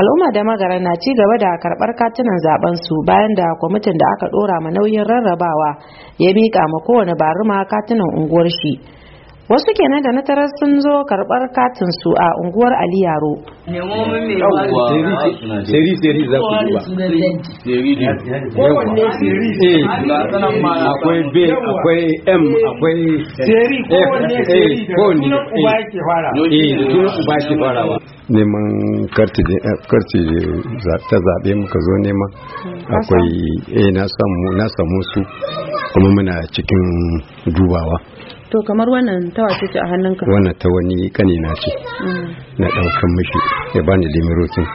al'umma da magara na ci gaba da karɓar katunan zaben su bayan da kwamitin da aka ɗora ma nauyin rarrabawa ya miƙa ma kowane baruma katunan unguwar shi wasu kenan da na tarar sun zo karbar katin su a unguwar ali yaro za ku duba eh, akwai b akwai m akwai seri ko eh, eh, neman karti ta zaɓe muka zo nema hmm. akwai na samu su kuma muna cikin dubawa to kamar wannan tawa ce a hannunka wannan ta wani kane mm. na ce na daukan mishi ya bani limirotin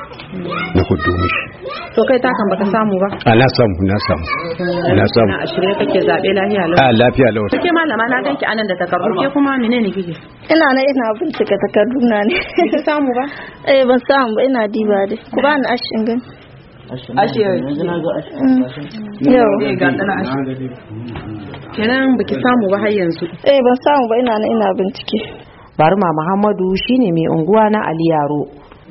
na kudu mishi to kai ta kan baka samu ba a na samu na samu na samu a shirye kake zabe lafiya lau a lafiya lau kake malama na danki anan da takardu ke kuma menene kike ina na ina bincika takardu na ne ki samu ba eh ban samu ba ina diba dai ku bani ashin gani Mm. Eh, kenan baki samu ba har yanzu eh ban samu ba ina ina bincike ma muhammadu shine mai unguwa na aliyaro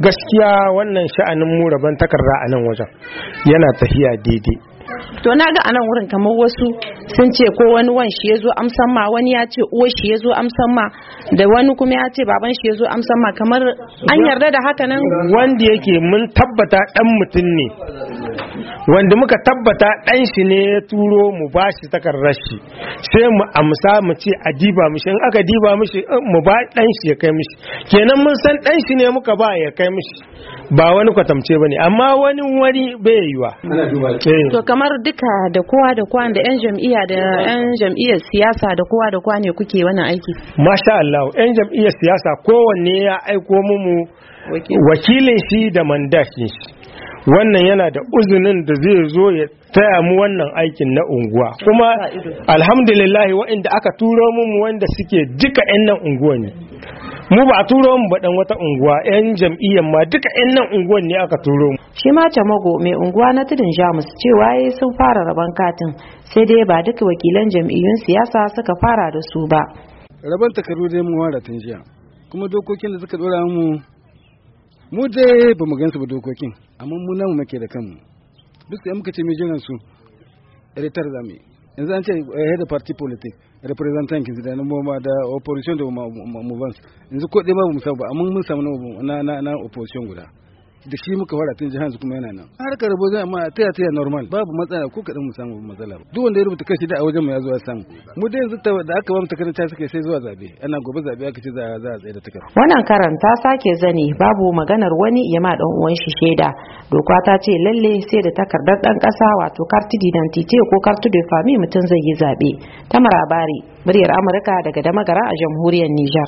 gaskiya wannan sha'anin mu rabon takarda a nan wajen yana tafiya daidai to na ga anan wurin kamar wasu sun ce ko wani wan shi ya amsan ma wani ya ce uwa shi ya amsan ma da wani kuma ya ce baban shi yazo zo amsan ma kamar an yarda da haka nan wanda yake mun tabbata dan mutum ne wanda muka tabbata ɗan shi ne ya turo mu ba shi takardar shi sai mu amsa mu ce a diba mishi in aka diba mishi eh, mu ba ɗan shi ya kai mishi kenan mun san ɗan shi ne muka ba ya kai mishi ba wani kwatamce bane amma wani wani bai yiwa eh. to kamar duka da kowa da kowa da yan jam'iyya da yan jam'iyyar siyasa da kowa da kowa ne kuke wannan aiki masha Allah yan jam'iyyar siyasa kowanne ya aiko mu wakilin shi da mandashin shi wannan yana da uzunin da zai zo ya taya mu wannan aikin na unguwa kuma alhamdulillah waɗanda aka turo mu wanda suke duka 'yan nan unguwa ne mu ba a turo mu ba dan wata unguwa yan jam'iyyar ma duka yan nan unguwan ne aka turo mu shi ma tamago mai unguwa na tudun jamus cewa yayi sun fara raban katin sai dai ba duka wakilan jam'iyyun siyasa suka fara da su ba raban takardu dai mu wara tun jiya kuma dokokin da suka dora mu mu dai ba mu gansu ba dokokin amma mu nan muke da kanmu duk sai muka ce mu jiran su retar za mu yanzu an ce eh, head of party politics representant kinsu da ma da opposition da mu yanzu ko dai ba mu samu ba amma mun samu na na opposition guda da shi muka fara tun jihar kuma yana nan ka rabo zai amma taya taya normal babu matsala ko kadan mu samu matsala ba duk wanda ya rubuta kashi da a wajen mu ya zo ya samu mu da yanzu da aka bamu mu ta sake sai zuwa zabe ana gobe zabe aka ce za a tsaye da takarda wannan karan ta sake zane babu maganar wani ya ma dan uwan shi shaida doka ta ce lalle sai da takardar dan kasa wato kartu d'identité ko kartu de famille mutum zai yi zabe tamara bari muryar amurka daga damagara a jamhuriyar niger